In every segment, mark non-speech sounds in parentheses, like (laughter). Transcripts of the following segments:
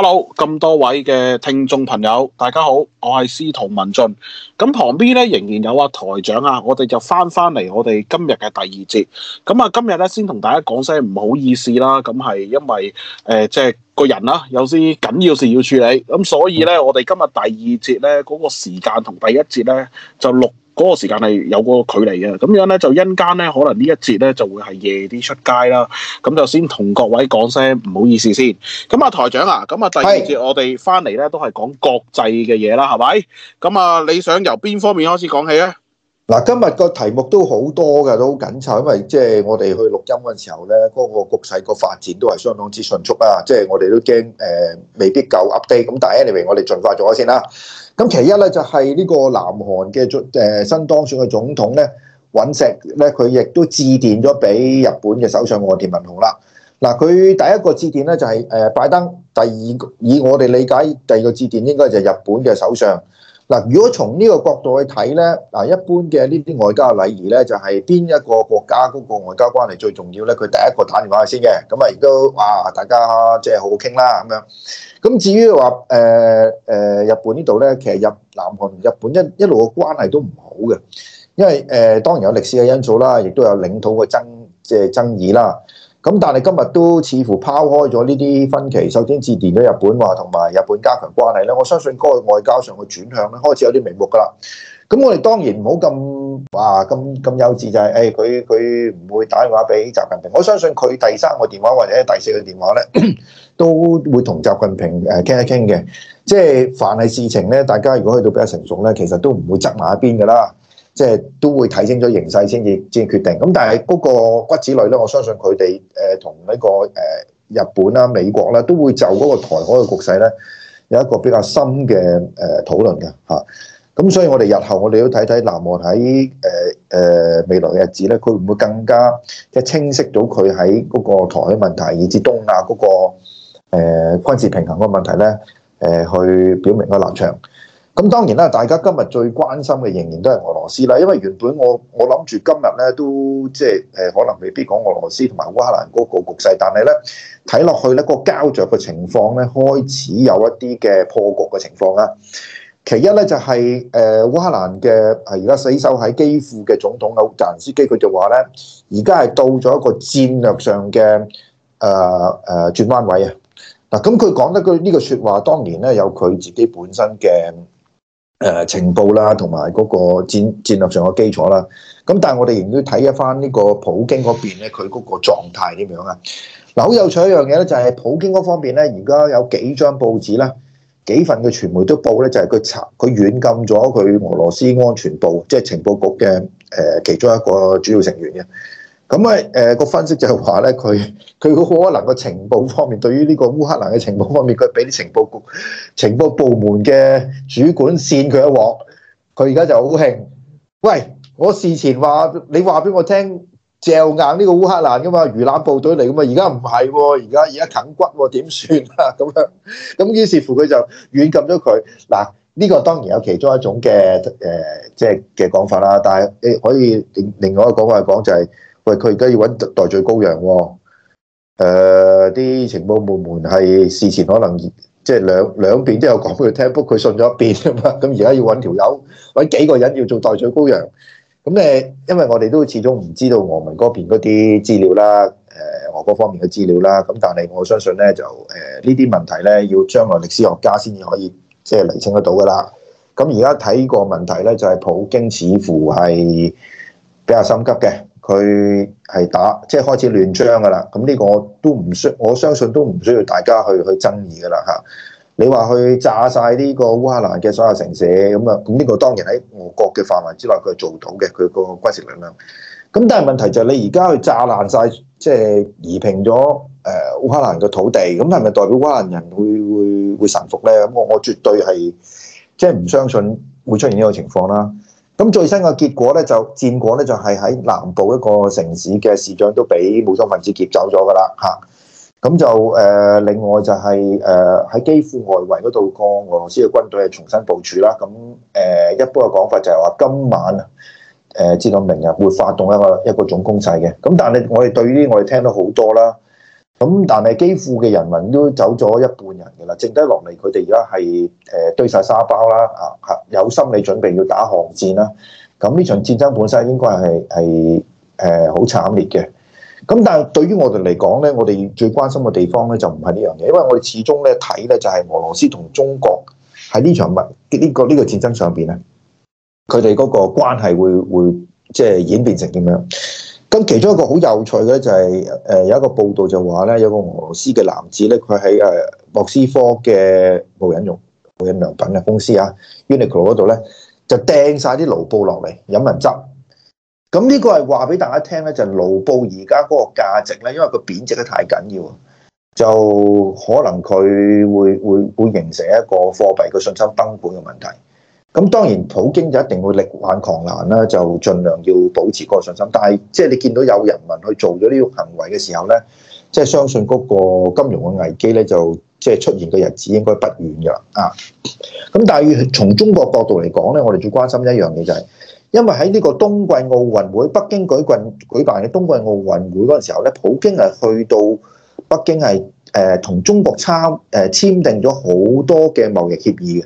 hello，咁多位嘅聽眾朋友，大家好，我係司徒文進，咁旁邊咧仍然有阿、啊、台長啊，我哋就翻翻嚟我哋今日嘅第二節，咁啊今日咧先同大家講聲唔好意思啦，咁係因為誒即係個人啦、啊，有啲緊要事要處理，咁所以咧、嗯、我哋今日第二節咧嗰、那個時間同第一節咧就錄，嗰個時間係有個距離嘅，咁樣咧就因間咧可能呢一節咧就會係夜啲出街啦，咁就先同各位講聲唔好意思先。咁啊台長啊，咁啊第二節我哋翻嚟咧都係講國際嘅嘢啦，係咪的？咁啊你想由邊方面開始講起咧？嗱，今日個題目都好多嘅，都好緊湊，因為即係我哋去錄音嗰陣時候咧，嗰、那個局勢個發展都係相當之迅速啊。即、就、係、是、我哋都驚誒，未必夠 update。咁但係 anyway，我哋盡快做先啦。咁其一咧就係呢個南韓嘅總新當選嘅總統咧，尹錫，咧佢亦都致電咗俾日本嘅首相岸田文雄啦。嗱，佢第一個致電咧就係誒拜登，第二以我哋理解第二個致電應該就係日本嘅首相。嗱，如果從呢個角度去睇咧，嗱，一般嘅呢啲外交嘅禮儀咧，就係、是、邊一個國家嗰個外交關係最重要咧，佢第一個打電話先嘅。咁啊，亦都哇，大家即係好好傾啦咁樣。咁至於話誒誒日本呢度咧，其實日南韓同日本一一路嘅關係都唔好嘅，因為誒、呃、當然有歷史嘅因素啦，亦都有領土嘅爭即係爭議啦。咁但係今日都似乎拋開咗呢啲分歧，首先致電咗日本話同埋日本加強關係咧，我相信該外交上嘅轉向咧，開始有啲眉目㗎啦。咁我哋當然唔好咁話咁咁幼稚就係誒佢佢唔會打電話俾習近平，我相信佢第三個電話或者第四個電話咧都會同習近平誒傾、呃、一傾嘅。即係凡係事情咧，大家如果去到比較成熟咧，其實都唔會側埋一邊㗎啦。即係都會睇清楚形勢先至先決定。咁但係嗰個骨子裏，咧，我相信佢哋誒同呢個誒日本啦、啊、美國啦、啊，都會就嗰個台海嘅局勢咧，有一個比較深嘅誒討論嘅嚇。咁、啊、所以我哋日後我哋都睇睇南韓喺誒誒未來嘅日子咧，佢會唔會更加即係清晰到佢喺嗰個台海問題，以至東亞嗰個誒軍事平衡嘅問題咧，誒去表明個立場。咁當然啦，大家今日最關心嘅仍然都係俄羅斯啦，因為原本我我諗住今日咧都即係誒可能未必講俄羅斯同埋烏克蘭嗰個局勢，但係咧睇落去咧個膠着嘅情況咧開始有一啲嘅破局嘅情況啦。其一咧就係誒烏克蘭嘅而家死守喺基輔嘅總統澤連斯基，佢就話咧而家係到咗一個戰略上嘅誒誒轉彎位啊！嗱，咁佢講得句呢個説話當然咧有佢自己本身嘅。誒、呃，情報啦，同埋嗰個戰戰略上嘅基礎啦。咁但係我哋仍要睇一翻呢個普京嗰邊咧，佢嗰個狀態點樣啊？嗱，好有趣一樣嘢咧，就係、是、普京嗰方面咧，而家有幾張報紙啦，幾份嘅傳媒都報咧，就係佢查佢軟禁咗佢俄羅斯安全部，即、就、係、是、情報局嘅誒、呃、其中一個主要成員嘅。咁啊，誒個分析就係話咧，佢佢可能個情報方面，對於呢個烏克蘭嘅情報方面，佢俾啲情報局、情報部門嘅主管扇佢一鑊，佢而家就好興。喂，我事前話你話俾我聽，我嚼硬呢個烏克蘭噶嘛，魚腩部隊嚟噶嘛，而家唔係喎，而家而家啃骨喎，點算啊？咁、啊啊、樣，咁於是乎佢就軟禁咗佢。嗱，呢、這個當然有其中一種嘅誒，即係嘅講法啦。但係你可以另另外一個講法嚟講就係、是。佢而家要揾代罪羔羊喎，啲、呃、情報部門係事前可能即係兩兩邊都有講俾佢聽，不過佢信咗一邊啊嘛，咁而家要揾條友揾幾個人要做代罪羔羊，咁、嗯、誒，因為我哋都始終唔知道俄文嗰邊嗰啲資料啦，誒俄嗰方面俄國方面嘅資料啦，咁但係我相信咧就誒呢啲問題咧要將來歷史學家先至可以即係釐清得到噶啦，咁而家睇個問題咧就係、是、普京似乎係比較心急嘅。佢係打即係、就是、開始亂槍㗎啦，咁呢個我都唔需我相信都唔需要大家去去爭議㗎啦嚇。你話去炸晒呢個烏克蘭嘅所有城市咁啊，咁呢個當然喺俄國嘅範圍之內佢係做到嘅，佢個軍事力量。咁但係問題就係你而家去炸爛晒，即係夷平咗誒烏克蘭嘅土地，咁係咪代表烏克蘭人會會會,會臣服咧？咁我我絕對係即係唔相信會出現呢個情況啦。咁最新嘅結果咧，就戰果咧，就係、是、喺南部一個城市嘅市長都俾武裝分子劫走咗㗎喇，嚇、啊！咁就誒、呃，另外就係誒喺基輔外圍嗰度，個俄羅斯嘅軍隊係重新部署啦。咁誒、呃，一般嘅講法就係話今晚啊，誒、呃，至到明日會發動一個一個總攻勢嘅。咁但係我哋對於我哋聽到好多啦。咁但係基輔嘅人民都走咗一半人嘅啦，剩低落嚟佢哋而家係誒堆晒沙包啦，啊嚇有心理準備要打巷戰啦。咁呢場戰爭本身應該係係誒好慘烈嘅。咁但係對於我哋嚟講咧，我哋最關心嘅地方咧就唔係呢樣嘢，因為我哋始終咧睇咧就係俄羅斯同中國喺呢場物呢個呢個戰爭上邊咧，佢哋嗰個關係會會即係演變成點樣？咁其中一個好有趣嘅就係誒有一個報道就話咧，有個俄羅斯嘅男子咧，佢喺誒莫斯科嘅無印用無印良品嘅公司啊，Uniqlo 嗰度咧就掟晒啲盧布落嚟飲人汁。咁呢個係話俾大家聽咧，就係盧布而家嗰個價值咧，因為佢貶值得太緊要，就可能佢會會會形成一個貨幣嘅信心崩潰嘅問題。咁當然，普京就一定會力挽狂瀾啦、啊，就盡量要保持個信心。但係，即係你見到有人民去做咗呢個行為嘅時候呢，即係相信嗰個金融嘅危機呢，就即係出現嘅日子應該不遠噶啦。啊，咁但係從中國角度嚟講呢，我哋最關心一樣嘢就係，因為喺呢個冬季奧運會，北京舉運舉辦嘅冬季奧運會嗰陣時候呢，普京係去到北京係誒同中國參誒簽訂咗好多嘅貿易協議嘅。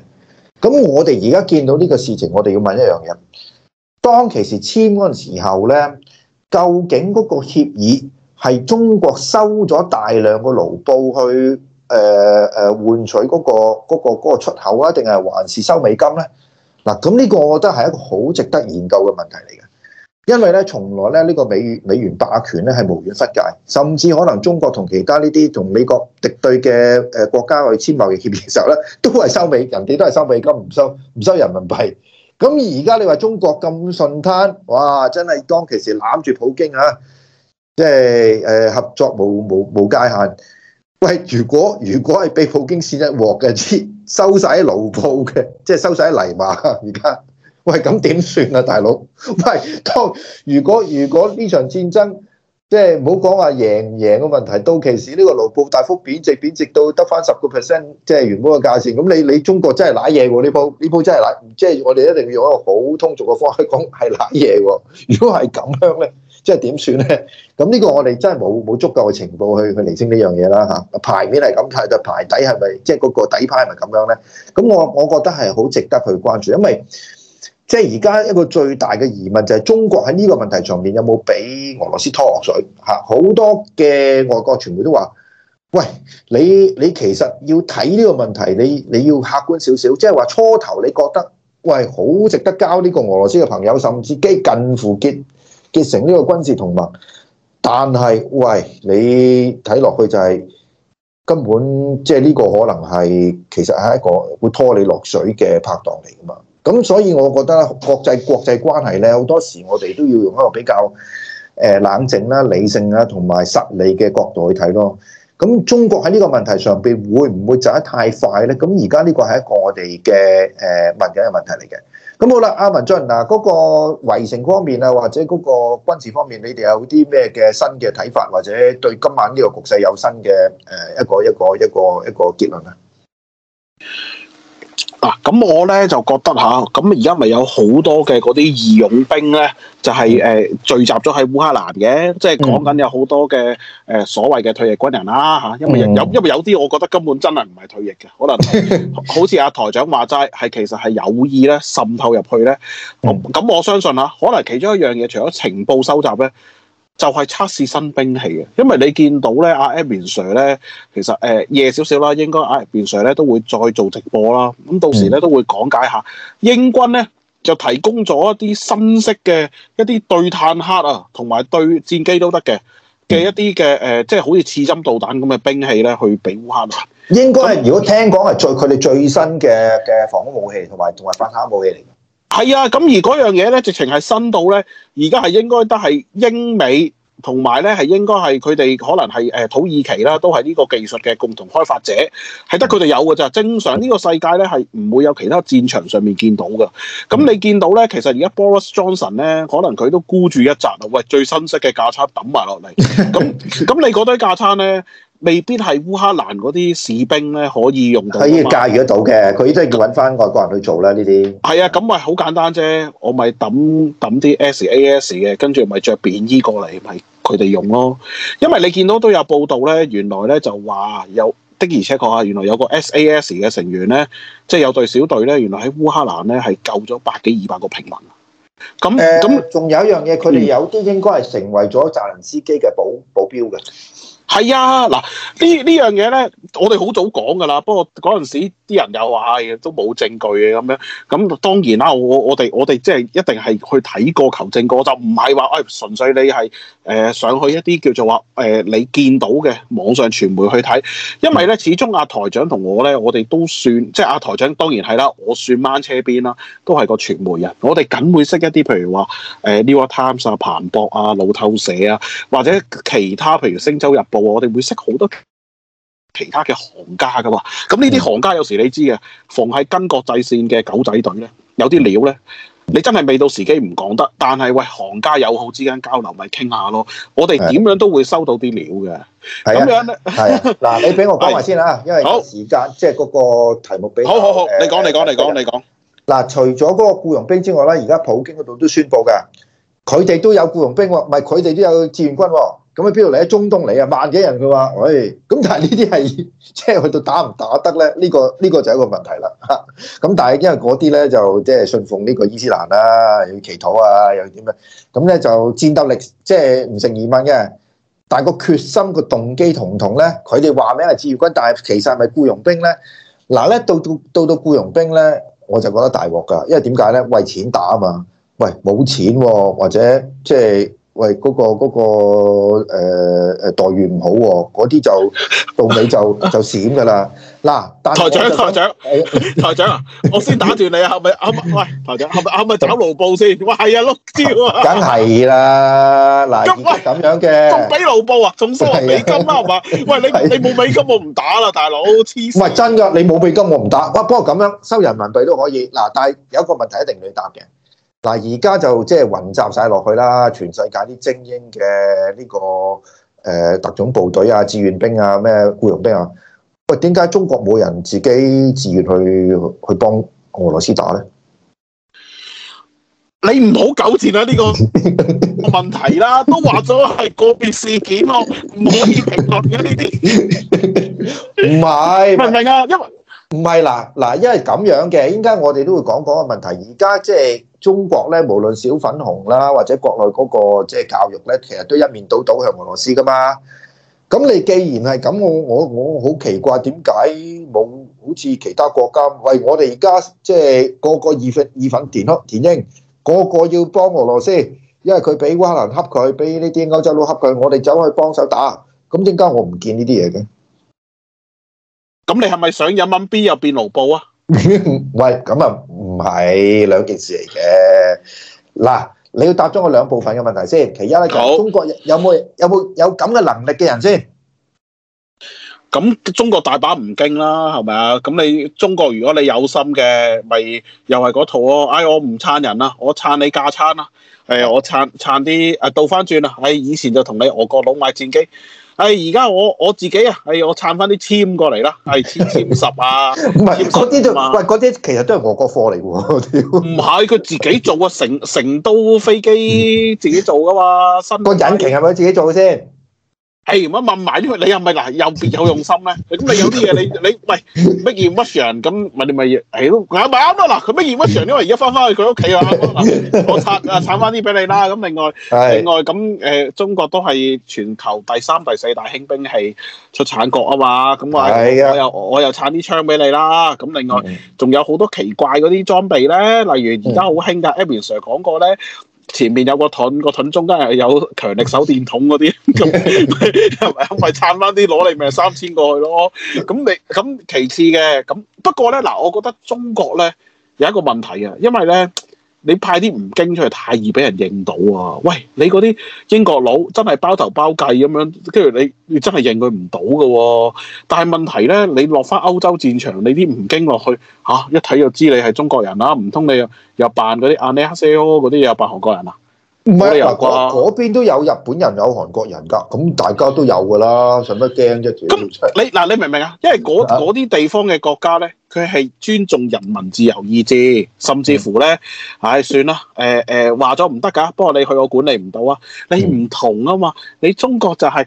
咁我哋而家見到呢個事情，我哋要問一樣嘢：當其時簽嗰陣時候呢，究竟嗰個協議係中國收咗大量嘅盧布去誒誒、呃呃、換取嗰個嗰個嗰個出口啊，定係還是收美金呢？嗱，咁呢個我覺得係一個好值得研究嘅問題嚟嘅。因為咧，從來咧呢個美元美元霸權咧係無遠弗屆，甚至可能中國同其他呢啲同美國敵對嘅誒國家去簽貿易協議嘅時候咧，都係收美，人哋都係收美金，唔收唔收人民幣。咁而家你話中國咁順攤，哇，真係當其時攬住普京啊，即係誒合作無無無界限。喂，如果如果係被普京扇一鑊嘅，收晒喺盧布嘅，即係收晒喺泥馬而家。喂，咁點算啊，大佬？喂，當如果如果呢場戰爭即係唔好講話贏唔贏嘅問題，到期時呢個盧布大幅貶值，貶值到得翻十個 percent，即係原本嘅價錢，咁你你中國真係瀨嘢喎？呢鋪呢鋪真係瀨，即係我哋一定要用一個好通俗嘅方式講係瀨嘢喎。如果係咁樣咧，即係點算咧？咁呢個我哋真係冇冇足夠嘅情報去去釐清呢樣嘢啦嚇。牌面係咁，但就牌底係咪即係嗰個底牌係咪咁樣咧？咁我我覺得係好值得去關注，因為，即係而家一個最大嘅疑問就係中國喺呢個問題上面有冇俾俄羅斯拖落水？嚇，好多嘅外國傳媒都話：「喂，你你其實要睇呢個問題，你你要客觀少少，即係話初頭你覺得，喂，好值得交呢個俄羅斯嘅朋友，甚至幾近乎結結成呢個軍事同盟。但係，喂，你睇落去就係、係、根本即係呢個可能係其實係一個會拖你落水嘅拍檔嚟㗎嘛。咁所以我覺得國際國際關係咧，好多時我哋都要用一個比較誒冷靜啦、啊、理性啦、啊，同埋實利嘅角度去睇咯。咁中國喺呢個問題上邊會唔會走得太快呢？咁而家呢個係一個我哋嘅誒問緊嘅問題嚟嘅。咁好啦，阿文進嗱，嗰、嗰個圍城方面啊，或者嗰個軍事方面，你哋有啲咩嘅新嘅睇法，或者對今晚呢個局勢有新嘅誒一,一個一個一個一個結論啊？嗱，咁、啊、我咧就覺得吓，咁而家咪有好多嘅嗰啲義勇兵咧，就係、是、誒、呃、聚集咗喺烏克蘭嘅，即係講緊有好多嘅誒、呃、所謂嘅退役軍人啦嚇、啊，因為有因為有啲我覺得根本真係唔係退役嘅，可能好似阿、 (laughs) 啊、台長話齋，係其實係有意咧滲透入去咧，咁、啊、我相信嚇、啊，可能其中一樣嘢，除咗情報收集咧。就係測試新兵器嘅，因為你見到咧阿 Admiral 咧，其實誒夜少少啦，應該阿 Admiral 咧都會再做直播啦，咁到時咧都會講解下、嗯、英軍咧就提供咗一啲新式嘅一啲對坦克啊，同埋對戰機都得嘅嘅一啲嘅誒，即係好似刺針導彈咁嘅兵器咧，去俾烏克蘭。應該係如果聽講係最佢哋最新嘅嘅防空武器同埋同埋反坦克武器嚟。係啊，咁而嗰樣嘢咧，直情係新到咧，而家係應該都係英美同埋咧，係應該係佢哋可能係誒土耳其啦，都係呢個技術嘅共同開發者，係得佢哋有㗎咋。正常呢個世界咧係唔會有其他戰場上面見到㗎。咁你見到咧，其實而家 Boris Johnson 咧，可能佢都孤住一隻孤注一擲啦。喂，最新式嘅架撐抌埋落嚟，咁咁你嗰堆架撐咧？未必係烏克蘭嗰啲士兵咧可以用到，可以駕馭得到嘅，佢真係要揾翻外國人去做啦呢啲。係啊，咁咪好簡單啫，我咪抌抌啲 S A S 嘅，跟住咪着便衣過嚟，咪佢哋用咯。因為你見到都有報道咧，原來咧就話有的而且確啊，原來有個 S A S 嘅成員咧，即係有隊小隊咧，原來喺烏克蘭咧係救咗百幾二百個平民。咁咁仲有一樣嘢，佢哋、嗯、有啲應該係成為咗澤連斯基嘅保保鏢嘅。係啊，嗱，呢呢樣嘢咧，我哋好早講噶啦，不過嗰陣時。啲人又話、哎、都冇證據嘅咁樣，咁當然啦，我我哋我哋即係一定係去睇過求證過，就唔係話誒純粹你係誒、呃、上去一啲叫做話誒、呃、你見到嘅網上傳媒去睇，因為咧始終阿、啊、台長同我咧，我哋都算即係、啊、阿台長當然係啦，我算掹車邊啦，都係個傳媒人，我哋梗會識一啲譬如話誒、呃、New York、er、Times 啊、彭博啊、路透社啊，或者其他譬如星洲日報，我哋會識好多。其他嘅行家噶嘛，咁呢啲行家有時你知嘅，逢係跟國際線嘅狗仔隊咧，有啲料咧，你真係未到時機唔講得，但係喂，行家友好之間交流，咪傾下咯。我哋點樣都會收到啲料嘅，咁樣咧，係啊。嗱，你俾我講埋先啊，係啊，因為時間好即係嗰個題目俾好好好，你講你講你講你講。嗱，除咗嗰個僱傭兵之外咧，而家普京嗰度都宣布噶，佢哋都有僱傭兵喎，唔係佢哋都有志願軍喎。咁喺邊度嚟？喺中東嚟啊，萬幾人佢話，喂、哎，咁但係呢啲係即係去到打唔打得咧？呢、這個呢、這個就係一個問題啦。嚇，咁但係因為嗰啲咧就即係信奉呢個伊斯蘭啦、啊，要祈禱啊，又點樣？咁、嗯、咧就戰鬥力即係唔成疑問嘅。但係個決心個動機同唔同咧？佢哋話名係志願軍，但係其實係咪僱傭兵咧？嗱、啊、咧，到到到到僱傭兵咧，我就覺得大鑊㗎，因為點解咧？為錢打啊嘛，喂，冇錢、啊、或者即、就、係、是。喂，嗰個嗰個誒誒待遇唔好喎，嗰啲就到尾就就閃噶啦。嗱，台長台長台長啊，我先打斷你啊，係咪啊？喂，台長係咪啊？咪打盧布先？喂，係啊，六招啊！梗係啦，嗱咁樣嘅，仲俾盧布啊？仲收人美金啦，係嘛？喂，你你冇美金我唔打啦，大佬黐線。唔係真嘅，你冇美金我唔打。哇，不過咁樣收人民幣都可以。嗱，但係有一個問題，一定你要答嘅。嗱，而家就即係混集晒落去啦，全世界啲精英嘅呢、個誒、呃、特種部隊啊、志願兵啊、咩僱傭兵啊，喂，點解中國冇人自己自願去去幫俄羅斯打咧？你唔好糾纏啦呢個問題啦，都話咗係個別事件咯，唔可以評論嘅呢啲，唔係 (laughs) 是，唔係啊，因為。唔係嗱嗱，因為咁樣嘅，應該我哋都會講講個問題。而家即係中國咧，無論小粉紅啦，或者國內嗰個即係教育咧，其實都一面倒倒向俄羅斯噶嘛。咁你既然係咁，我我我好奇怪點解冇好似其他國家，唔係我哋而家即係個個義憤義憤填，填膺，個個要幫俄羅斯，因為佢俾烏克蘭恰佢，俾呢啲歐洲佬恰佢，我哋走去幫手打。咁點解我唔見呢啲嘢嘅？咁你係咪想飲蚊 B 又變盧布啊？ (laughs) 喂，咁啊唔係兩件事嚟嘅。嗱，你要答咗我兩部分嘅問題先。其一咧，就中國有冇有冇好有咁嘅能力嘅人先？咁中國大把唔精啦，係咪啊？咁你中國如果你有心嘅，咪又係嗰套咯。唉、哎，我唔撐人啊，我撐你架撐啊。誒、哎，我撐撐啲誒，倒翻轉啦。喺、哎、以前就同你俄國佬買戰機。哎，而家我我自己啊，哎，我撐返啲殲過嚟啦，係殲，殲十啊，唔係嗰啲就，喂，嗰啲其實都係俄國貨嚟喎，唔係佢自己做啊，成成都飛機自己做㗎嘛，新 (laughs) 個引擎係咪自己做先？誒，唔好問埋呢個，你又咪嗱，又別有用心咧？你咁咪有啲嘢，你你喂乜嘢乜樣？咁咪你咪，誒都啱唔啱啊？嗱，佢乜嘢乜樣？你話而家翻翻去佢屋企啊？我產啊，產翻啲俾你啦。咁另外，另外咁誒，中國都係全球第三、第四大輕兵器出產國啊嘛。咁啊，我又我又產啲槍俾你啦。咁另外，仲有好多奇怪嗰啲裝備咧，例如而家好興㗎，Abby Sir 講過咧。前面有個盾，個盾中間又有強力手電筒嗰啲，係 (laughs) 咪？ (laughs) 咁咪撐翻啲攞你命三千過去咯。咁你咁其次嘅，咁、嗯、不過咧嗱，我覺得中國咧有一個問題啊，因為咧。你派啲吳京出去太易俾人認到啊！喂，你嗰啲英國佬真係包頭包計咁樣，跟住你你真係認佢唔到噶喎、啊。但係問題咧，你落翻歐洲戰場，你啲吳京落去嚇、啊、一睇就知你係中國人啦。唔通你又扮嗰啲阿尼克斯哥嗰啲又扮韓國人啊？唔係嗰邊都有日本人，有韓國人噶，咁大家都有噶啦，使乜驚啫？咁你嗱，你明唔明啊？因為嗰啲地方嘅國家咧，佢係尊重人民自由意志，甚至乎咧，唉、嗯哎，算啦，誒、呃、誒，話咗唔得噶，不過你去我管理唔到啊，你唔同啊嘛，嗯、你中國就係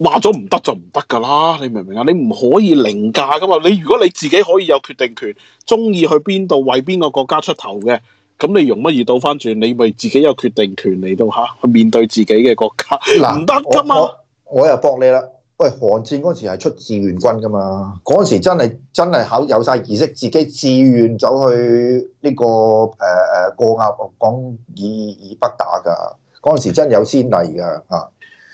話咗唔得就唔得噶啦，你明唔明啊？你唔可以凌駕噶嘛，你如果你自己可以有決定權，中意去邊度為邊個國家出頭嘅。咁你容乜易倒翻轉？你咪自己有決定權嚟到吓，去面對自己嘅國家，唔得噶嘛！我又搏你啦。喂，韓戰嗰時係出志願軍噶嘛？嗰陣時真係真係考有晒意識，自己志願走去呢、這個誒誒、呃、過鴨綠江以以，以北打噶。嗰陣時真有先例噶嚇。啊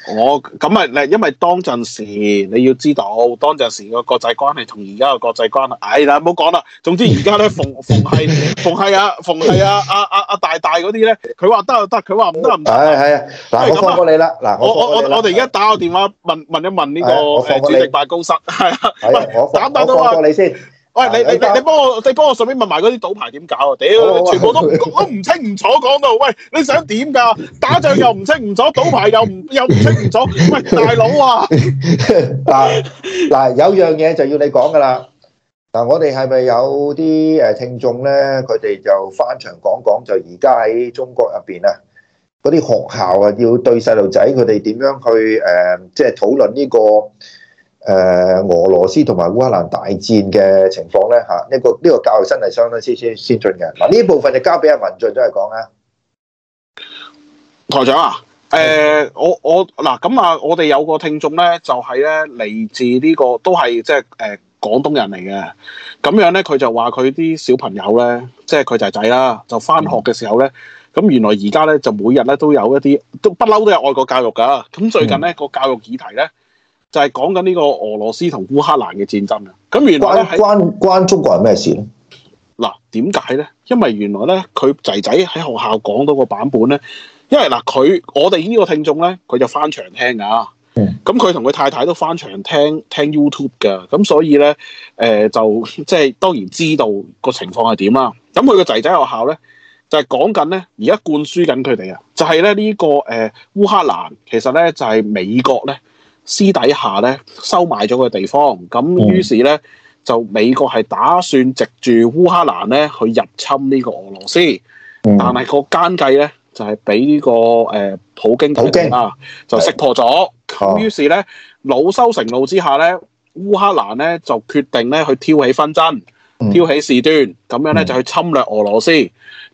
我咁咪，嗱，因為當陣時你要知道，當陣時個國際關係同而家個國際關係，哎，啦，唔好講啦。總之而家咧，逢逢係逢係 (laughs) 啊，逢係啊，阿阿阿大大嗰啲咧，佢話得就得，佢話唔得唔得。係係啊，嗱、哎呀，我放過你啦。嗱、嗯，我我我我哋而家打個電話問問一問呢個主席辦公室，係啊、哎，唔係我我放過你先。 (laughs) 哎 (laughs) 喂，你你你你幫我，你幫我順便問埋嗰啲賭牌點搞啊？屌，全部都唔 (laughs) 都唔清唔楚講到，喂，你想點㗎？打仗又唔清唔楚，賭牌又唔又唔清唔楚，喂，大佬啊！嗱嗱， (laughs) 有樣嘢就要你講㗎啦。嗱，我哋係咪有啲誒聽眾咧？佢哋就翻牆講講，就而家喺中國入邊啊，嗰啲學校啊，要對細路仔佢哋點樣去誒，即係討論呢個。誒、呃、俄羅斯同埋烏克蘭大戰嘅情況咧嚇，呢、啊這個呢、這個教育真係相當先先先進嘅。嗱、啊、呢部分就交俾阿文進再嚟講啦。台長啊，誒我我嗱咁啊，我哋有個聽眾咧，就係咧嚟自呢、這個都係即係誒廣東人嚟嘅。咁樣咧，佢就話佢啲小朋友咧，即係佢仔仔啦，就返學嘅時候咧，咁、嗯、原來而家咧就每日咧都有一啲都不嬲都有外國教育㗎。咁最近咧個、嗯、教育議題咧。就係講緊呢個俄羅斯同烏克蘭嘅戰爭啦。咁原來關關，關中國人咩事咧？嗱、啊，點解咧？因為原來咧，佢仔仔喺學校講到個版本咧，因為嗱佢我哋呢個聽眾咧，佢就翻牆聽噶。咁佢同佢太太都翻牆聽聽 YouTube 噶。咁所以咧，誒、呃、就即係當然知道個情況係點啦。咁佢個仔仔學校咧，就係、是、講緊咧，而家灌輸緊佢哋啊，就係、是、咧呢、這個誒、呃、烏克蘭其實咧就係、是、美國咧。私底下咧收埋咗個地方，咁於是咧就、嗯、美國係打算藉住烏克蘭咧去入侵呢個俄羅斯，但係個奸計咧就係、是、俾、這個誒、呃、普京啊的就識破咗，咁的於是咧老羞成怒之下咧，烏克蘭咧就決定咧去挑起紛爭，挑起事端，咁、嗯、樣咧就去侵略俄羅斯。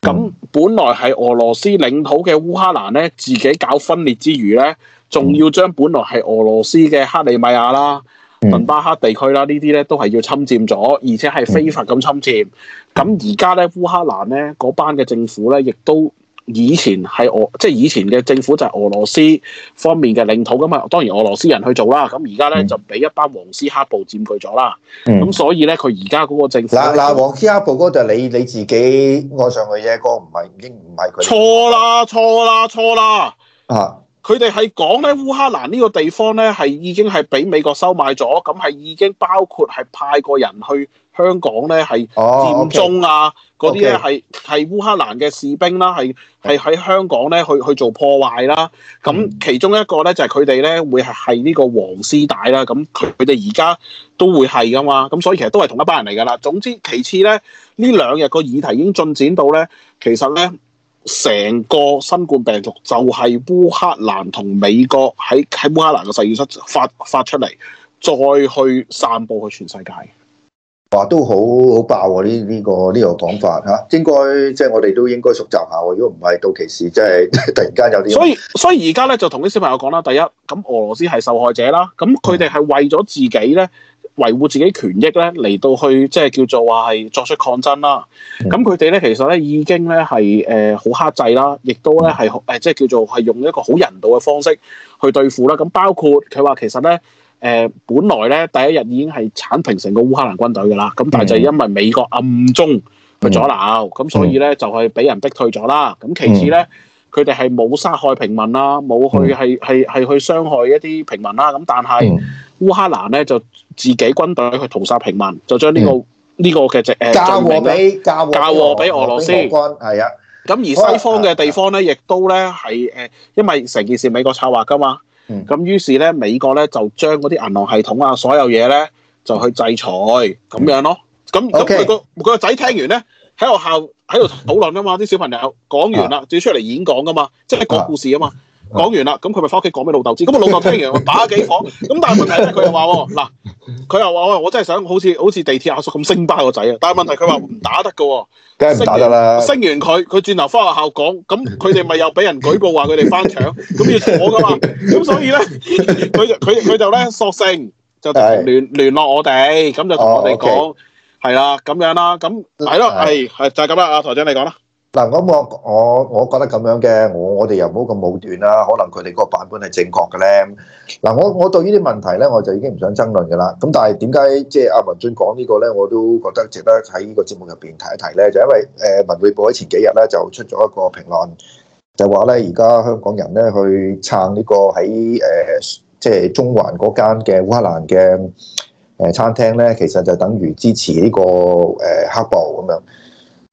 咁本來係俄羅斯領土嘅烏克蘭咧，自己搞分裂之餘咧。仲要將本來係俄羅斯嘅克里米亞啦、文、嗯、巴克地區啦，呢啲咧都係要侵佔咗，而且係非法咁侵佔。咁、嗯、而家咧，烏克蘭咧嗰班嘅政府咧，亦都以前係俄，即係以前嘅政府就係俄羅斯方面嘅領土，㗎嘛。當然俄羅斯人去做啦。咁而家咧就俾一班黃絲黑暴佔據咗啦。咁、嗯、所以咧，佢而家嗰個政府嗱嗱黃絲黑暴嗰，就你你自己愛上去嘅嘢，唔、那、係、個、已經唔係佢錯啦，錯啦，錯啦啊！佢哋係講咧，烏克蘭呢個地方咧係已經係俾美國收買咗，咁係已經包括係派個人去香港咧係佔中啊，嗰啲咧係係烏克蘭嘅士兵啦，係係喺香港咧去去做破壞啦。咁其中一個咧就係佢哋咧會係係呢個黃絲帶啦。咁佢哋而家都會係噶嘛。咁所以其實都係同一班人嚟噶啦。總之，其次咧呢兩日個議題已經進展到咧，其實咧。成個新冠病毒就係烏克蘭同美國喺喺烏克蘭嘅實驗室發發出嚟，再去散布去全世界。哇，都好好爆啊！呢呢個呢個講法吓，應該即係我哋都應該熟習下。如果唔係，到其時即係突然間有啲。所以所以而家咧就同啲小朋友講啦，第一咁俄羅斯係受害者啦，咁佢哋係為咗自己咧。嗯維護自己權益咧，嚟到去即係叫做話係作出抗爭啦。咁佢哋咧其實咧已經咧係誒好克制啦，亦都咧係誒即係叫做係用一個好人道嘅方式去對付啦。咁包括佢話其實咧誒、呃，本來咧第一日已經係鏟平成個烏克蘭軍隊噶啦，咁但係就係因為美國暗中去阻撓，咁、嗯、所以咧就係俾人逼退咗啦。咁其次咧。嗯佢哋係冇殺害平民啦，冇去係係係去傷害一啲平民啦。咁但係烏克蘭咧就自己軍隊去屠殺平民，就將呢個呢個嘅誒交和俾交交俾俄羅斯軍。係啊，咁而西方嘅地方咧，亦都咧係誒，因為成件事美國策劃噶嘛。咁於是咧，美國咧就將嗰啲銀行系統啊，所有嘢咧就去制裁咁樣咯。咁咁佢個佢仔聽完咧。喺學校喺度討論啊嘛，啲小朋友講完啦，就要出嚟演講噶嘛，即係講故事啊嘛，講完啦，咁佢咪翻屋企講俾老豆知。咁個老豆聽完， (laughs) 打幾火。咁但係問題咧，佢又話：嗱，佢又話餵，我真係想好似好似地鐵阿叔咁升爆個仔啊！但係問題佢話唔打得㗎喎，梗係唔打得啦。升完佢，佢轉頭翻學校講，咁佢哋咪又俾人舉報話佢哋翻牆，咁 (laughs) 要坐㗎嘛。咁所以咧，佢佢佢就咧索性就聯的聯絡我哋，咁就同我哋講。Oh, okay. 係啦，咁樣啦，咁係咯，係係就係咁啦，阿台長你講啦。嗱，咁我我我覺得咁樣嘅，我我哋又唔好咁武斷啦，可能佢哋個版本係正確嘅咧。嗱，我我對呢啲問題咧，我就已經唔想爭論噶啦。咁但係點解即係阿文進講呢個咧，我都覺得值得喺呢個節目入邊提一提咧，就因為誒文匯報喺前幾日咧就出咗一個評論，就話咧而家香港人咧去撐呢個喺誒即係中環嗰間嘅烏克蘭嘅。誒餐廳咧，其實就等於支持呢個誒黑暴咁樣。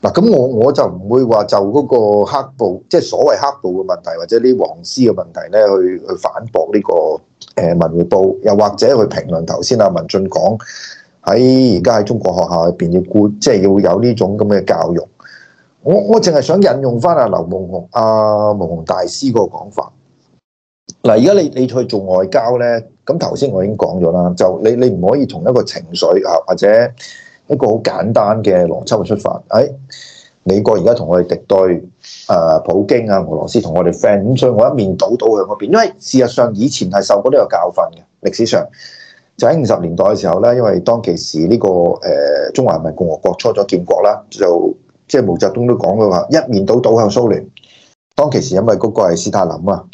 嗱，咁我我就唔會話就嗰個黑暴，即係所謂黑暴嘅問題，或者啲黃絲嘅問題咧，去去反駁呢個誒文匯報，又或者去評論頭先阿文進講喺而家喺中國學校入邊要灌，即係要有呢種咁嘅教育。我我淨係想引用翻阿劉夢紅、阿夢紅大師個講法。嗱，而家你你去做外交咧？咁頭先我已經講咗啦，就你你唔可以同一個情緒啊，或者一個好簡單嘅邏輯去出發。誒、哎，美國而家同我哋敵對，誒、呃、普京啊、俄羅斯同我哋 friend，咁所以我一面倒倒向嗰邊。因為事實上以前係受嗰啲嘅教訓嘅，歷史上就喺五十年代嘅時候咧，因為當其時呢、這個誒、呃、中華人民共和國初咗建國啦，就即係毛澤東都講嘅話，一面倒倒向蘇聯。當其時因為嗰個係斯大林啊，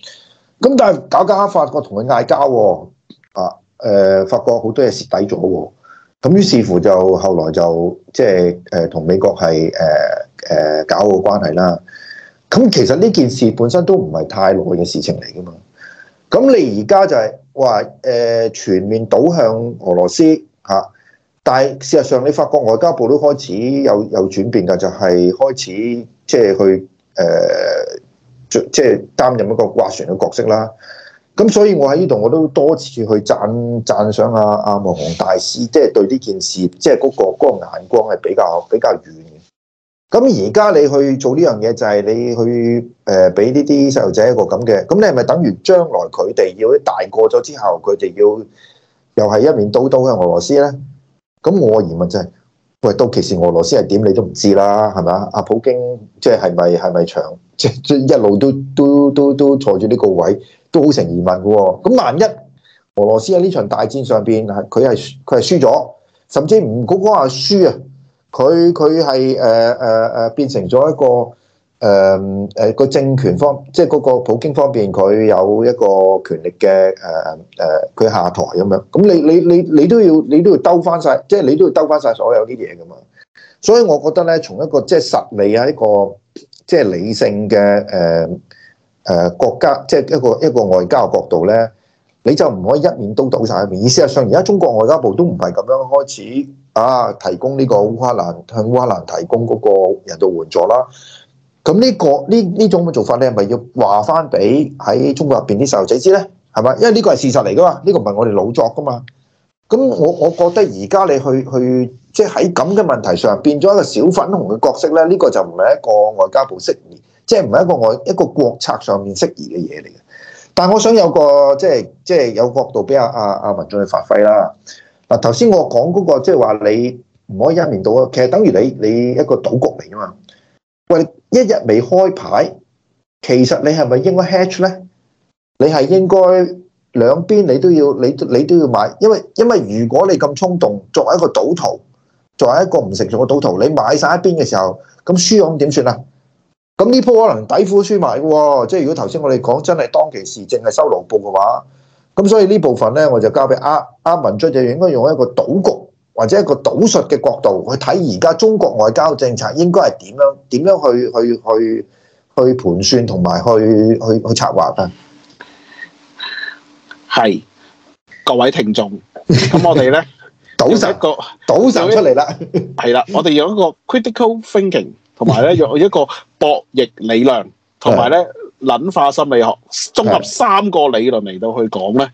咁但係搞加法國、啊，我同佢嗌交喎。誒，發覺好多嘢蝕底咗喎，咁於是乎就後來就即係誒同美國係誒誒搞好關係啦。咁、嗯、其實呢件事本身都唔係太耐嘅事情嚟㗎嘛。咁、嗯、你而家就係話誒全面倒向俄羅斯嚇、啊，但係事實上你發覺外交部都開始有有轉變㗎，就係、是、開始即係去誒、呃、即係擔任一個劃船嘅角色啦。咁所以我，我喺呢度我都多次去讚讚賞阿阿無大師，即、就、係、是、對呢件事，即係嗰個嗰、那個、眼光係比較比較遠嘅。咁而家你去做呢樣嘢，就係、是、你去誒俾呢啲細路仔一個咁嘅。咁你係咪等於將來佢哋要大個咗之後，佢哋要又係一面刀刀向俄羅斯咧？咁我疑問就係、是，喂，到時俄羅斯係點你都唔知啦，係咪啊？阿普京即係係咪係長即即 (laughs) 一路都都都都，都，都坐住呢個位？都好成疑問嘅喎、哦，咁萬一俄羅斯喺呢場大戰上面，佢係佢係輸咗，甚至唔好講話輸啊，佢佢係誒誒誒變成咗一個誒誒、呃呃、個政權方，即係嗰個普京方面，佢有一個權力嘅誒誒，佢、呃呃、下台咁樣，咁你你你你都要你都要兜翻晒，即係你都要兜翻晒所有啲嘢噶嘛，所以我覺得咧，從一個即係實力啊，一個即係理性嘅誒。呃誒、呃、國家即係一個一個外交嘅角度咧，你就唔可以一面都倒曬一面，意思上，而家中國外交部都唔係咁樣開始啊，提供呢個烏克蘭向烏克蘭提供嗰個人道援助啦。咁呢、這個呢呢種嘅做法你係咪要話翻俾喺中國入邊啲細路仔知咧？係咪？因為呢個係事實嚟噶、這個、嘛，呢個唔係我哋老作噶嘛。咁我我覺得而家你去去即係喺咁嘅問題上變咗一個小粉紅嘅角色咧，呢、這個就唔係一個外交部適即係唔係一個外一個國策上面適宜嘅嘢嚟嘅，但係我想有個即係即係有角度俾阿阿阿文進去發揮啦。嗱、那個，頭先我講嗰個即係話你唔可以一面倒，啊，其實等於你你一個賭局嚟噶嘛。喂，一日未開牌，其實你係咪應該 hedge 咧？你係應該兩邊你都要你都你都要買，因為因為如果你咁衝動，作為一個賭徒，作為一個唔成熟嘅賭徒，你買晒一邊嘅時候，咁輸咁點算啊？咁呢鋪可能底褲都輸埋嘅，即係如果頭先我哋講真係當其時淨係收盧布嘅話，咁所以呢部分咧，我就交俾阿阿文進就應該用一個賭局或者一個賭術嘅角度去睇而家中國外交政策應該係點樣點樣去去去去盤算同埋去去去策劃嘅，啊。係各位聽眾，咁我哋咧賭神一個賭神出嚟啦，係 (laughs) 啦，我哋用一個 critical thinking。同埋咧有一個博弈理論，同埋咧諗化心理學，綜合三個理論嚟到去講咧，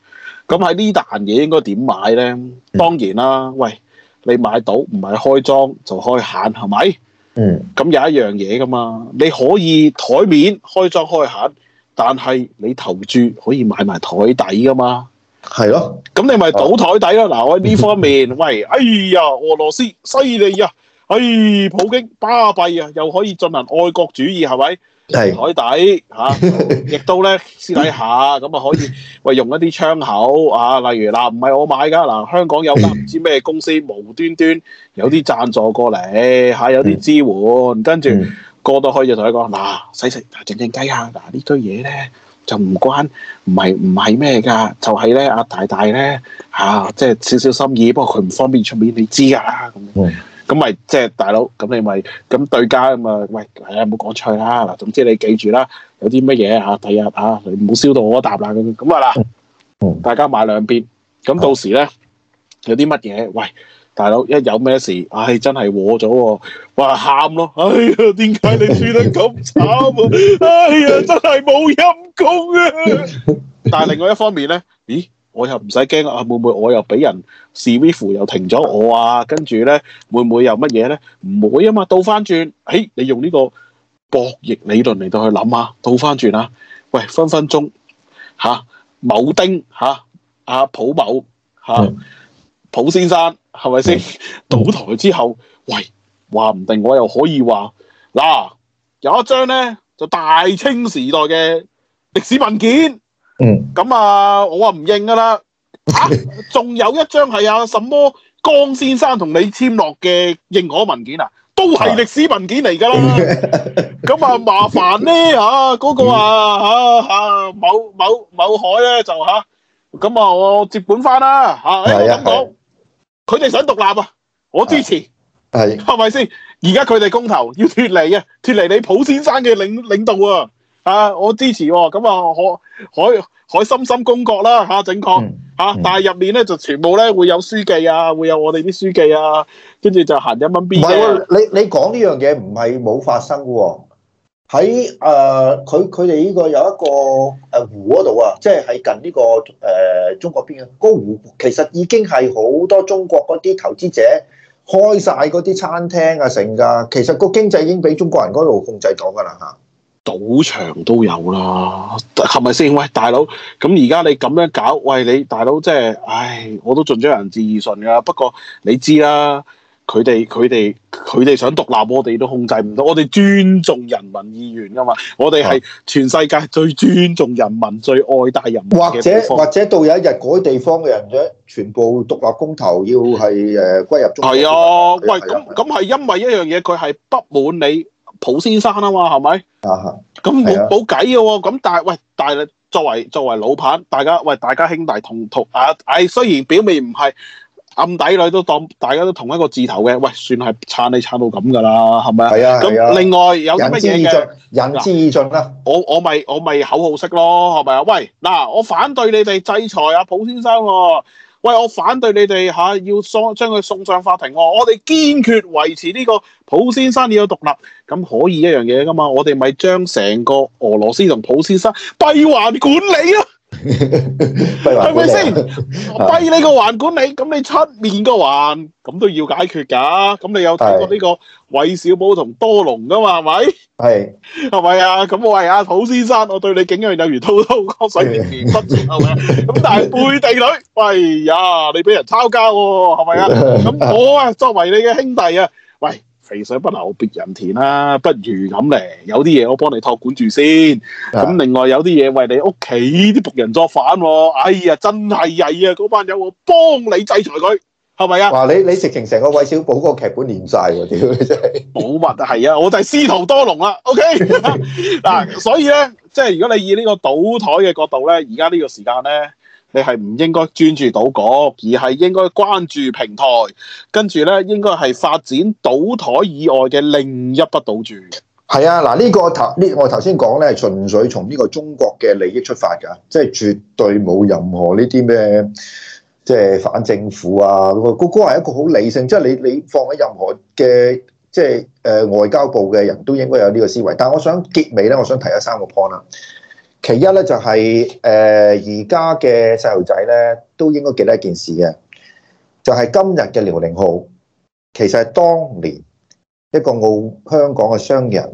咁喺呢單嘢應該點買咧？嗯、當然啦，喂，你買到唔係開裝就開閒係咪？嗯，咁有一樣嘢噶嘛，你可以台面開裝開閒，但係你投注可以買埋台底噶嘛？係咯的，咁你咪倒台底啦，嗱的，我喺呢方面， (laughs) 喂，哎呀，俄羅羅斯犀利呀！可普京巴閉啊，又可以進行愛國主義，係咪？是的 海底吓，亦、啊、都咧 (laughs) 私底下咁啊，可以喂用一啲窗口啊，例如嗱，唔係我買噶嗱，香港有間唔知咩公司無端端，端有啲贊助過嚟吓、啊，有啲支援，跟住過到去就同佢講嗱，使細嗱靜靜雞嗱呢堆嘢咧就唔關，唔係唔係咩噶，就係咧阿大大咧吓，即、啊、係、啊就係、少，少少心意，不過佢唔方便出面你，你知噶啦咁。 (laughs) (laughs) 咁咪即係大佬，咁你咪咁對家吖嘛？喂，係啊，唔好講錯啦。嗱，總之你記住啦，有啲乜嘢啊？第日啊，你唔好燒到我一啖啦。咁咁啊嗱，大家買兩邊，咁到時咧有啲乜嘢？喂，大佬一有咩事，唉，真係禍咗喎，話喊咯。哎呀，點解你輸得咁慘啊？哎呀，真係冇陰功啊！但係另外一方面咧，咦？我又唔使驚啊！會唔會我又俾人示 w i 又停咗我啊？跟住咧會唔會又乜嘢咧？唔會啊嘛！倒翻轉，誒、哎，你用呢個博弈理論嚟到去諗啊，倒翻轉啊。喂，分分鐘吓、啊，某丁吓，阿、啊啊、普某吓、啊，普先生係咪先？倒台之後，喂，話唔定我又可以話嗱，有一張咧就大清時代嘅歷史文件。嗯，咁啊，我啊唔認噶啦，吓，仲有一張係啊什麼江先生同你簽落嘅認可文件啊，都係歷史文件嚟噶啦。咁啊，麻煩咧吓，嗰個啊吓吓某某某海咧就吓，咁啊，我接管翻啦吓，咁講，佢哋想獨立啊，我支持，係，係咪先？而家佢哋公投要脫離啊，脫離你普先生嘅領領導啊。啊！我支持喎、哦，咁、嗯、啊，海海海深深公國啦嚇，正確嚇，嗯嗯、但係入面咧就全部咧會有書記啊，會有我哋啲書記啊，跟住就行一蚊 B、啊、你你講呢樣嘢唔係冇發生嘅喎、哦，喺誒佢佢哋呢個有一個誒湖嗰度啊，即係喺近呢、呢個誒、呃、中國邊嘅、嗰個湖，其實已經係好多中國嗰啲投資者開晒嗰啲餐廳啊，成㗎。其實個經濟已經俾中國人嗰度控制到㗎啦嚇。啊賭場都有啦，係咪先？喂，大佬，咁而家你咁樣搞，喂你大佬，即係，唉，我都盡咗仁至義盡噶。不過你知啦，佢哋佢哋佢哋想獨立，我哋都控制唔到。我哋尊重人民意願噶嘛，我哋係全世界最尊重人民、啊、最愛戴人民。或者或者到有一日嗰啲地方嘅人，全部獨立公投要，要係誒歸入中國？係啊，啊喂，咁咁係因為一樣嘢，佢係不滿你。普先生啊嘛，係咪？啊，咁冇冇計嘅喎。咁、啊啊、但係喂，但係作為作為老闆，大家喂大家兄弟同同啊，雖然表面唔係，暗底裏都當大家都同一個字頭嘅。喂，算係撐你撐到咁噶啦，係咪啊？係啊，係啊，咁、啊、另外有乜嘢嘅仁至義盡啦、啊？我我咪我咪口號式咯，係咪啊？喂，嗱，我反對你哋制裁阿、啊、普先生喎、啊。喂，我反對你哋嚇、啊，要送將佢送上法庭，我哋堅決維持呢個普先生要有獨立，咁可以一樣嘢㗎嘛？我哋咪將成個俄羅斯同普先生閉環管理咯、啊！係咪先？弊，你個環管你，咁你出面個環咁都要解決噶。咁你有睇過呢個韋小寶同多隆噶嘛？係咪？係係咪啊？咁我係阿土先生，我對你景仰有如滔滔江水連綿不絕啊！咁但係背地裏，哎呀，你俾人抄家喎，係咪啊？咁我啊，作為你嘅兄弟啊，喂。肥水不流別人田啦、啊，不如咁嚟，有啲嘢我幫你託管住先。咁、啊、另外有啲嘢為你屋企啲僕人作反喎、啊，哎呀，真係曳呀、啊，嗰班友，我幫你制裁佢，係咪啊？嗱，你你直情成個韋小寶個劇本念晒，喎，屌真係！寶物啊，係啊，我就係司徒多龍啦，OK 嗱、 (laughs) 啊。所以咧，即係如果你以呢個倒台嘅角度咧，而家呢個時間咧。你係唔應該專注賭局，而係應該關注平台，跟住咧應該係發展賭台以外嘅另一筆賭注。係啊，嗱呢個頭呢，我頭先講咧係純粹從呢個中國嘅利益出發㗎，即係絕對冇任何呢啲咩，即係反政府啊咁啊。嗰個係一個好理性，即係你你放喺任何嘅即係誒外交部嘅人都應該有呢個思維。但係我想結尾咧，我想提一下三個 point 啦。其一咧就係誒而家嘅細路仔咧，都應該記得一件事嘅，就係今日嘅遼寧號，其實係當年一個澳香港嘅商人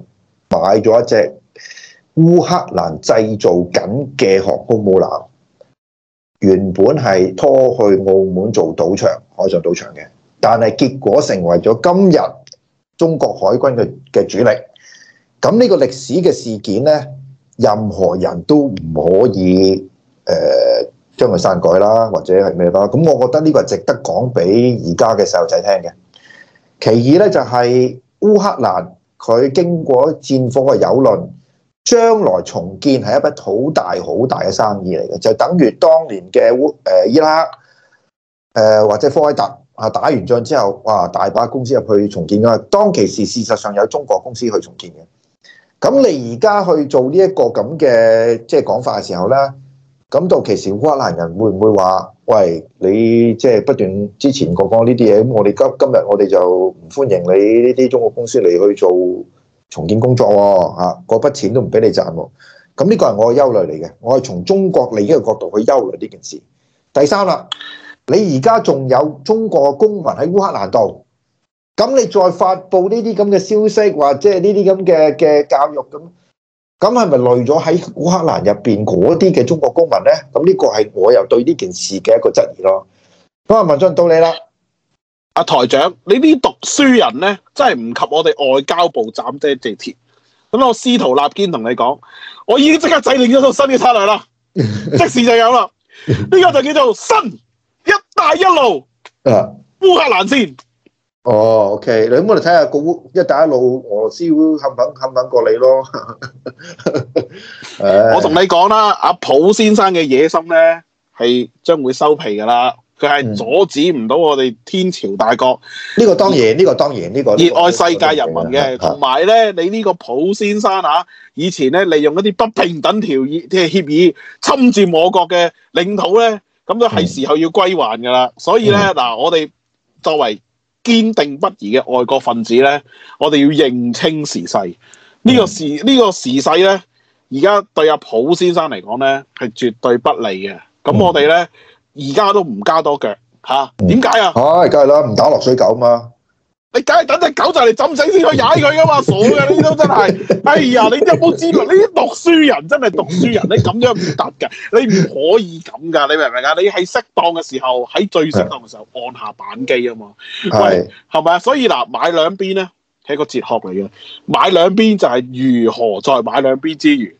買咗一隻烏克蘭製造緊嘅航空母艦，原本係拖去澳門做賭場，海上賭場嘅，但係結果成為咗今日中國海軍嘅嘅主力。咁呢個歷史嘅事件咧。任何人都唔可以誒、呃、將佢刪改啦，或者係咩啦。咁我覺得呢個係值得講俾而家嘅細路仔聽嘅。其二呢，就係烏克蘭佢經過戰火嘅蹂躪，將來重建係一筆好大好大嘅生意嚟嘅，就等於當年嘅烏誒伊拉克誒或者科威特啊，打完仗之後，哇，大把公司入去重建噶。當其時事實上有中國公司去重建嘅。咁你而家去做呢一個咁嘅即係講法嘅時候呢，咁到其時烏克蘭人會唔會話：喂，你即係不斷之前講講呢啲嘢，咁我哋今今日我哋就唔歡迎你呢啲中國公司嚟去做重建工作喎、哦，啊，嗰筆錢都唔俾你賺、哦。咁呢個係我嘅憂慮嚟嘅，我係從中國利益嘅角度去憂慮呢件事。第三啦，你而家仲有中國嘅公民喺烏克蘭度。咁你再發佈呢啲咁嘅消息，或者係呢啲咁嘅嘅教育咁，咁係咪累咗喺烏克蘭入邊嗰啲嘅中國公民咧？咁呢個係我又對呢件事嘅一個質疑咯。咁啊，文進到你啦，阿台長，你啲讀書人咧，真係唔及我哋外交部斬啲地鐵。咁我司徒立堅同你講，我已經即刻制定咗套新嘅策略啦， (laughs) 即時就有啦。呢、呢個就叫做新一帶一路，啊，烏克蘭線。哦、oh，OK，你咁我嚟睇下，一帶一路，俄羅斯會冚唪唥冚唪唥過你咯。 (laughs) 我同你講啦，阿普先生嘅野心咧，係將會收皮噶啦，佢係阻止唔到我哋天朝大國。呢個當然，呢個當然，呢個熱愛世界人民嘅，同埋咧，你呢個普先生啊，以前咧利用一啲不平等條議即係協議侵佔我國嘅領土咧，咁都係時候要歸還噶啦。嗯、所以咧，嗱，我哋作為堅定不移嘅外國分子呢，我哋要認清時勢。呢、這個時呢、這個時勢呢，而家對阿普先生嚟講呢，係絕對不利嘅。咁我哋呢，而家都唔加多腳嚇。點解啊？係、啊，梗係啦，唔打落水狗嘛。你梗係等隻狗就嚟浸死先去踩佢噶嘛，傻嘅。呢啲都真係，哎呀，你有冇知啊？呢啲讀書人真係讀書人，你咁樣唔得嘅，你唔可以咁噶，你明唔明啊？你喺適當嘅時候，喺最適當嘅時候是按下扳機啊嘛，係係咪啊？所以嗱，買兩邊咧係一個哲學嚟嘅。買兩邊就係如何再買兩邊之餘，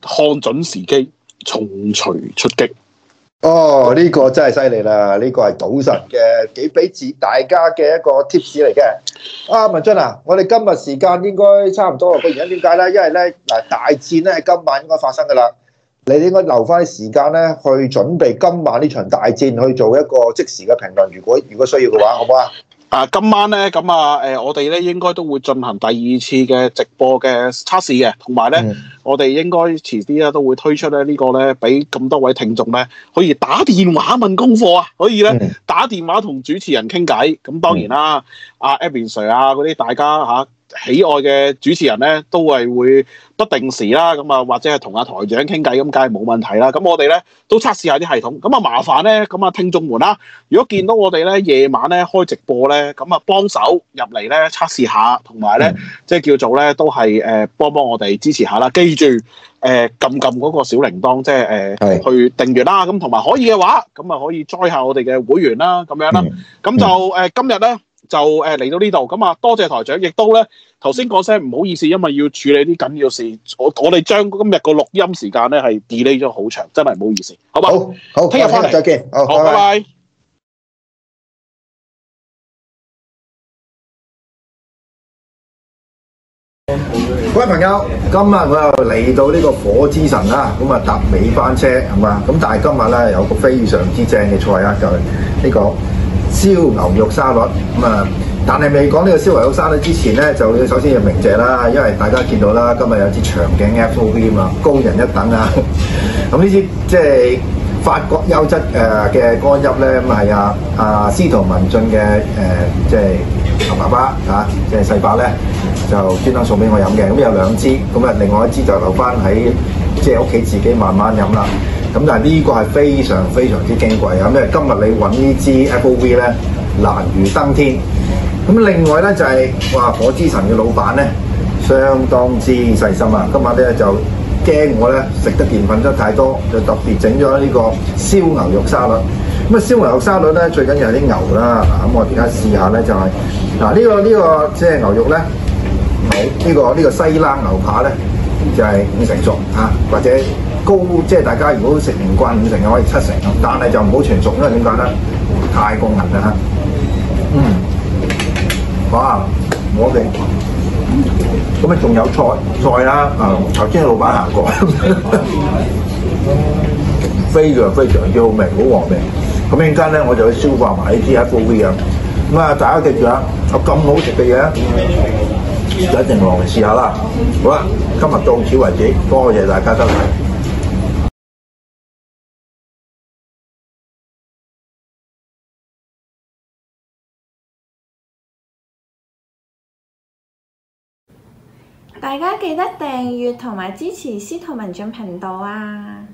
看準時機，重錘出擊。哦，呢、oh, 個真係犀利啦！呢、這個係賭神嘅幾俾自大家嘅一個 tips 嚟嘅。啊，文俊啊，我哋今日時間應該差唔多。佢而家點解呢？因為呢，嗱，大戰呢喺今晚應該發生噶啦。你應該留翻啲時間呢去準備今晚呢場大戰，去做一個即時嘅評論。如果如果需要嘅話，好唔好啊？啊，今晚咧咁啊，誒、呃，我哋咧應該都會進行第二次嘅直播嘅測試嘅，同埋咧，嗯、我哋應該遲啲啦，都會推出咧呢個咧，俾咁多位聽眾咧，可以打電話問功課啊，可以咧、嗯、打電話同主持人傾偈，咁、嗯、當然啦，阿 Edward 啊嗰啲、嗯啊、大家嚇。啊喜愛嘅主持人咧，都係會不定時啦，咁啊或者係同阿台長傾偈，咁梗係冇問題啦。咁我哋咧都測試下啲系統，咁啊麻煩咧，咁啊聽眾們啦，如果見到我哋咧夜晚咧開直播咧，咁啊幫手入嚟咧測試下，同埋咧即係叫做咧都係誒幫幫我哋支持下啦。記住誒撳撳嗰個小鈴鐺，即係誒去訂閱啦。咁同埋可以嘅話，咁啊可以 join 下我哋嘅會員啦，咁樣啦。咁就誒、呃呃、今日咧。就誒嚟到呢度咁啊，多謝台長，亦都咧頭先講聲唔好意思，因為要處理啲緊要事，我我哋將今日個錄音時間咧係 delay 咗好長，真係唔好意思。好嘛，好，好，聽日翻嚟再見，好，好拜拜。拜拜。各位朋友，今日我又嚟到呢個火之神啦，咁啊搭尾班車係嘛，咁但係今日咧有個非常之正嘅菜啊，就係呢個燒牛肉沙律。咁啊，但係未講呢個燒牛肉沙律之前咧，就首先要鳴謝啦，因為大家見到啦，今日有支長鏡 F O V 啊，高人一等啊，咁呢啲即係。就是法國優質誒嘅干邑咧，咁啊係啊啊司徒文進嘅誒、呃、即係阿爸爸啊，即係細伯咧就專登送俾我飲嘅，咁、嗯、有兩支，咁、嗯、啊另外一支就留翻喺即係屋企自己慢慢飲啦。咁、嗯、但係呢個係非常非常之矜貴啊！因、嗯、為今日你揾呢支 a p p l e b 咧難如登天。咁、嗯、另外咧就係、是、哇，火之神嘅老闆咧相當之細心啊！今晚咧就～驚我咧食得澱粉質太多，就特別整咗呢個燒牛肉沙律。咁啊，燒牛肉沙律咧最緊要係啲牛啦。咁、啊、我而家試下咧就係、係、嗱，呢、啊呢個呢、呢個即係、就係、牛肉咧，牛呢、呢個呢、呢個西冷牛扒咧就係、係、五成熟啊，或者高即係、就係、大家如果食唔慣五成嘅可以七成，但係就唔好全熟，因為點解咧？太過韌啦、啊。嗯，哇，我哋。咁啊，仲有菜菜啦，啊、嗯！頭先老闆行過， (laughs) 非常非常之好味，好和味。咁陣間咧，我就去消化埋啲啊，咖啡啊！咁啊，大家記住啊，有咁好食嘅嘢，就一定落嚟試下啦。好啦，今日到此為止，多謝大家收睇。大家記得訂閱同埋支持司徒文進頻道啊！